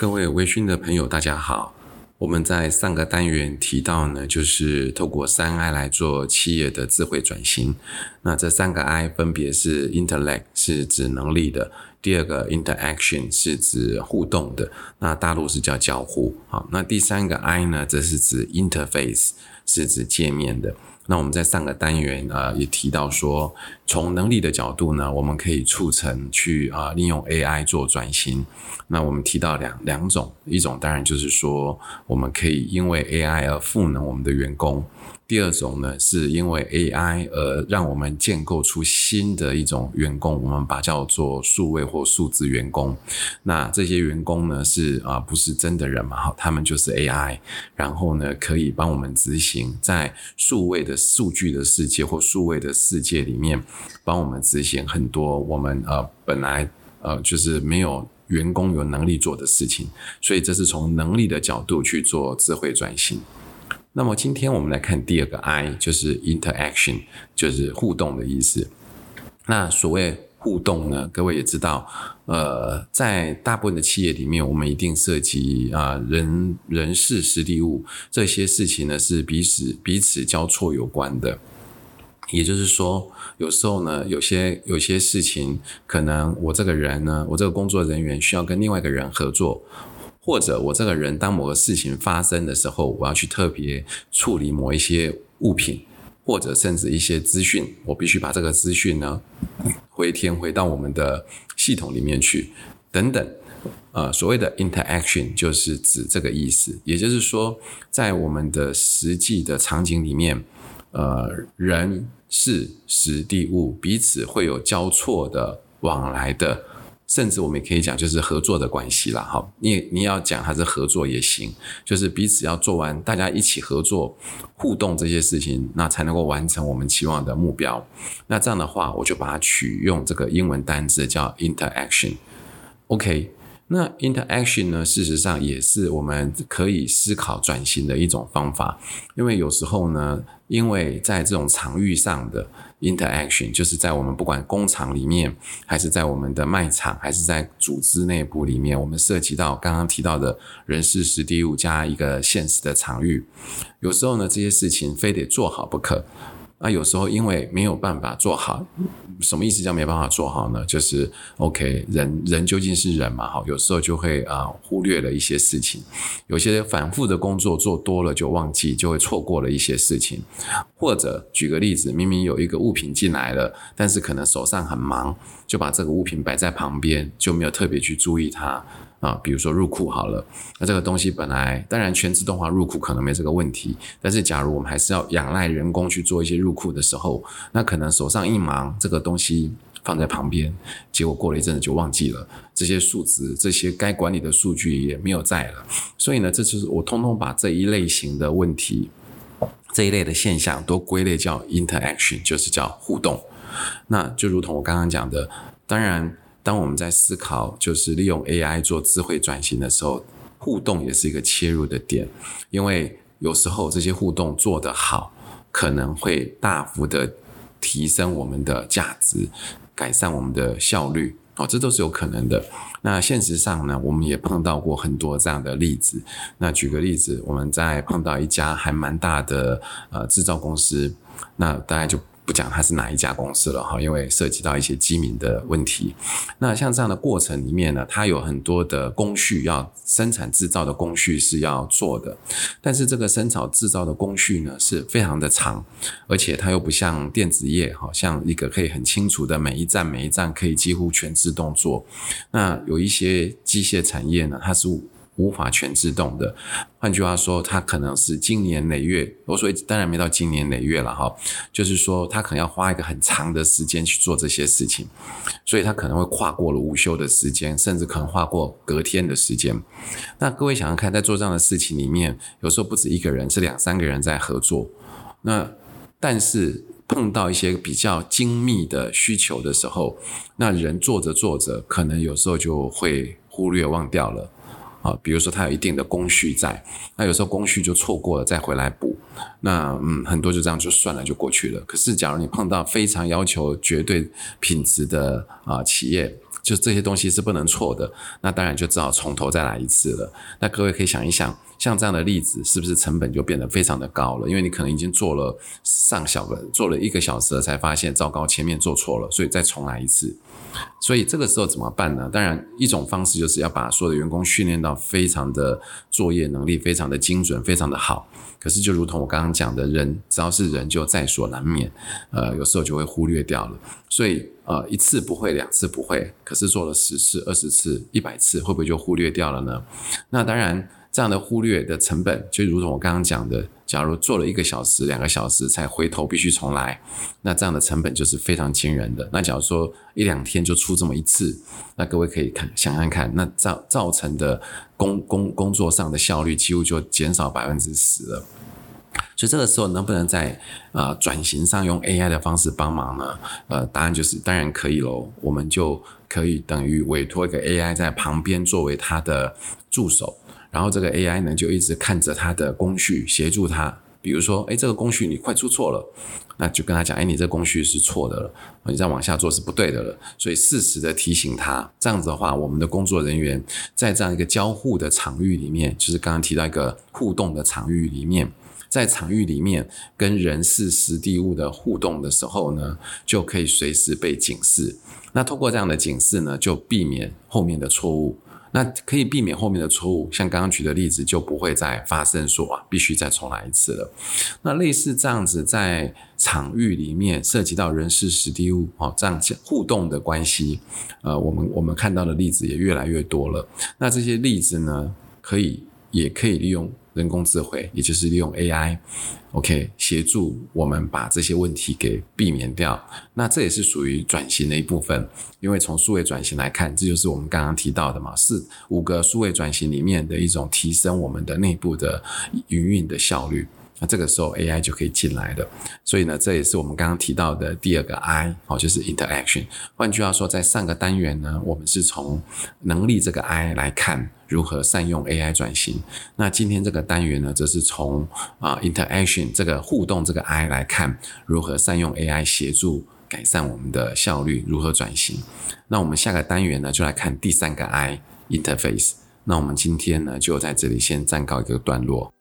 各位微醺的朋友，大家好。我們在上個單元提到呢，就是透過三 I 來做企業的智慧轉型。那這三個 I 分別是 Intellect，是指能力的。第二個 interaction 是指互動的，那大陸是叫交互。好，那第三個 I 呢，則是指 interface，是指界面的。那我們在上個單元啊、呃、也提到說，從能力的角度呢，我們可以促成去啊、呃、利用 AI 做轉型。那我們提到兩兩種，一種當然就是說我們可以因為 AI 而賦能我們的員工。第二種呢，是因為 AI 而讓我們建構出新的一種員工，我們把叫做數位。或數字員工，那這些員工呢，是啊，呃，不是真的人嘛？哈，他們就是 AI，然後呢，可以幫我們執行在數位的數據的世界或數位的世界裡面，幫我們執行很多我們呃本來呃就是沒有員工有能力做的事情，所以這是從能力的角度去做智慧轉型。那麼今天我們來看第二個 I，就是 interaction，就是互動的意思。那所謂。互動呢，各位也知道，呃，在大部分的企業裡面，我們一定涉及啊、呃、人、人事時地物這些事情呢，是彼此彼此交錯有關的。也就是說，有時候呢，有些有些事情，可能我這個人呢，我這個工作人員需要跟另外一個人合作，或者我這個人當某個事情發生的時候，我要去特別處理某一些物品。或者甚至一些資訊，我必須把這個資訊呢，回填回到我們的系統裡面去，等等，呃，所謂的 interaction 就是指這個意思，也就是說，在我們的實際的場景裡面，呃，人、事、時、地、物彼此會有交錯的往來的。甚至我們也可以講，就是合作的關係了哈。你你要講還是合作也行，就是彼此要做完，大家一起合作互動這些事情，那才能夠完成我們期望的目標。那這樣的話，我就把它取用這個英文單字叫 interaction，OK。Okay. 那 interaction 呢？事實上也是我們可以思考轉型的一種方法，因為有時候呢，因為在這種場域上的 interaction，就是在我們不管工廠裡面，還是在我們的賣場，還是在組織內部裡面，我們涉及到剛剛提到的人事時地物加一個現實的場域，有時候呢，這些事情非得做好不可。那、啊、有時候因為沒有辦法做好，什麼意思叫沒辦法做好呢？就是 OK，人人究竟是人嘛，哈，有時候就會啊、呃、忽略了一些事情，有些反覆的工作做多了就忘記，就會錯過了一些事情，或者舉個例子，明明有一個物品進來了，但是可能手上很忙，就把這個物品擺在旁邊，就沒有特別去注意它。啊，比如說入庫好了，那這個東西本來當然全自動化入庫可能沒這個問題，但是假如我們還是要仰賴人工去做一些入庫的時候，那可能手上一忙，這個東西放在旁邊，結果過了一陣子就忘記了，這些數值、這些該管理的數據也沒有在了。所以呢，這就是我通通把這一類型的問題、這一類的現象都歸類叫 interaction，就是叫互動。那就如同我剛剛講的，當然。當我們在思考就是利用 AI 做智慧轉型的時候，互動也是一個切入的點，因為有時候這些互動做得好，可能會大幅的提升我們的價值，改善我們的效率，哦，這都是有可能的。那現實上呢，我們也碰到過很多這樣的例子。那舉個例子，我們在碰到一家還蠻大的呃製造公司，那大家就。不講它是哪一家公司了哈，因為涉及到一些機密的問題。那像這樣的過程裡面呢，它有很多的工序，要生產製造的工序是要做的。但是這個生產製造的工序呢，是非常的長，而且它又不像電子業，好像一個可以很清楚的每一站每一站可以幾乎全自動做。那有一些機械產業呢，它是無法全自動的，換句話說，他可能是經年累月。我說當然沒到經年累月了哈，就是說他可能要花一個很長的時間去做這些事情，所以他可能會跨過了午休的時間，甚至可能跨過隔天的時間。那各位想想看，在做這樣的事情裡面，有時候不止一個人，是兩三個人在合作。那但是碰到一些比較精密的需求的時候，那人做着做着，可能有時候就會忽略、忘掉了。啊，比如說它有一定的工序在，那有時候工序就錯過了，再回來補，那嗯，很多就這樣就算了，就過去了。可是假如你碰到非常要求絕對品質的啊企業，就這些東西是不能錯的，那當然就只好從頭再來一次了。那各位可以想一想。像這樣的例子，是不是成本就變得非常的高了？因為你可能已經做了上小個，做了一個小時，才發現糟糕，前面做錯了，所以再重來一次。所以這個時候怎麼辦呢？當然，一種方式就是要把所有的員工訓練到非常的作業能力，非常的精準，非常的好。可是，就如同我剛剛講的人，人只要是人就在所難免，呃，有時候就會忽略掉了。所以，呃，一次不會，兩次不會，可是做了十次、二十次、一百次，會不會就忽略掉了呢？那當然。這樣的忽略的成本，就如同我剛剛講的，假如做了一個小時、兩個小時才回頭，必須重來，那這樣的成本就是非常驚人的。那假如說一兩天就出這麼一次，那各位可以看，想想看，那造造成的工工工作上的效率幾乎就減少百分之十了。所以這個時候能不能在呃轉型上用 AI 的方式幫忙呢？呃，答案就是當然可以嘍。我們就可以等於委托一個 AI 在旁邊作為他的助手。然後這個 AI 呢，就一直看着它的工序，協助它。比如說，哎，這個工序你快出錯了，那就跟他講，哎，你這個工序是錯的了，你再往下做是不對的了，所以適時的提醒他。這樣子的話，我們的工作人員在這樣一個交互的場域裡面，就是剛剛提到一個互動的場域裡面，在場域裡面跟人、事、時、地、物的互動的時候呢，就可以隨時被警示。那通過這樣的警示呢，就避免後面的錯誤。那可以避免後面的錯誤，像剛剛舉的例子就不會再發生說，啊，必須再重來一次了。那類似這樣子在場域裡面涉及到人事時地物哦，這樣互動的關係，呃，我們我們看到的例子也越來越多了。那這些例子呢，可以也可以利用，人工智慧，也就是利用 AI，OK，OK，協助我們把這些問題給避免掉。那這也是屬於轉型的一部分，因為從數位轉型來看，這就是我們剛剛提到的嘛，是五個數位轉型裡面的一種提升我們的內部的營運的效率。那這個時候 AI 就可以進來了，所以呢，這也是我們剛剛提到的第二個 I，哦，就是 interaction。換句話說，在上個單元呢，我們是從能力這個 I 來看如何善用 AI 轉型。那今天這個單元呢，則是從啊 interaction 這個互動這個 I 來看如何善用 AI 協助改善我們的效率，如何轉型。那我們下個單元呢，就來看第三個 I，interface。那我們今天呢，就在這裡先暫告一個段落。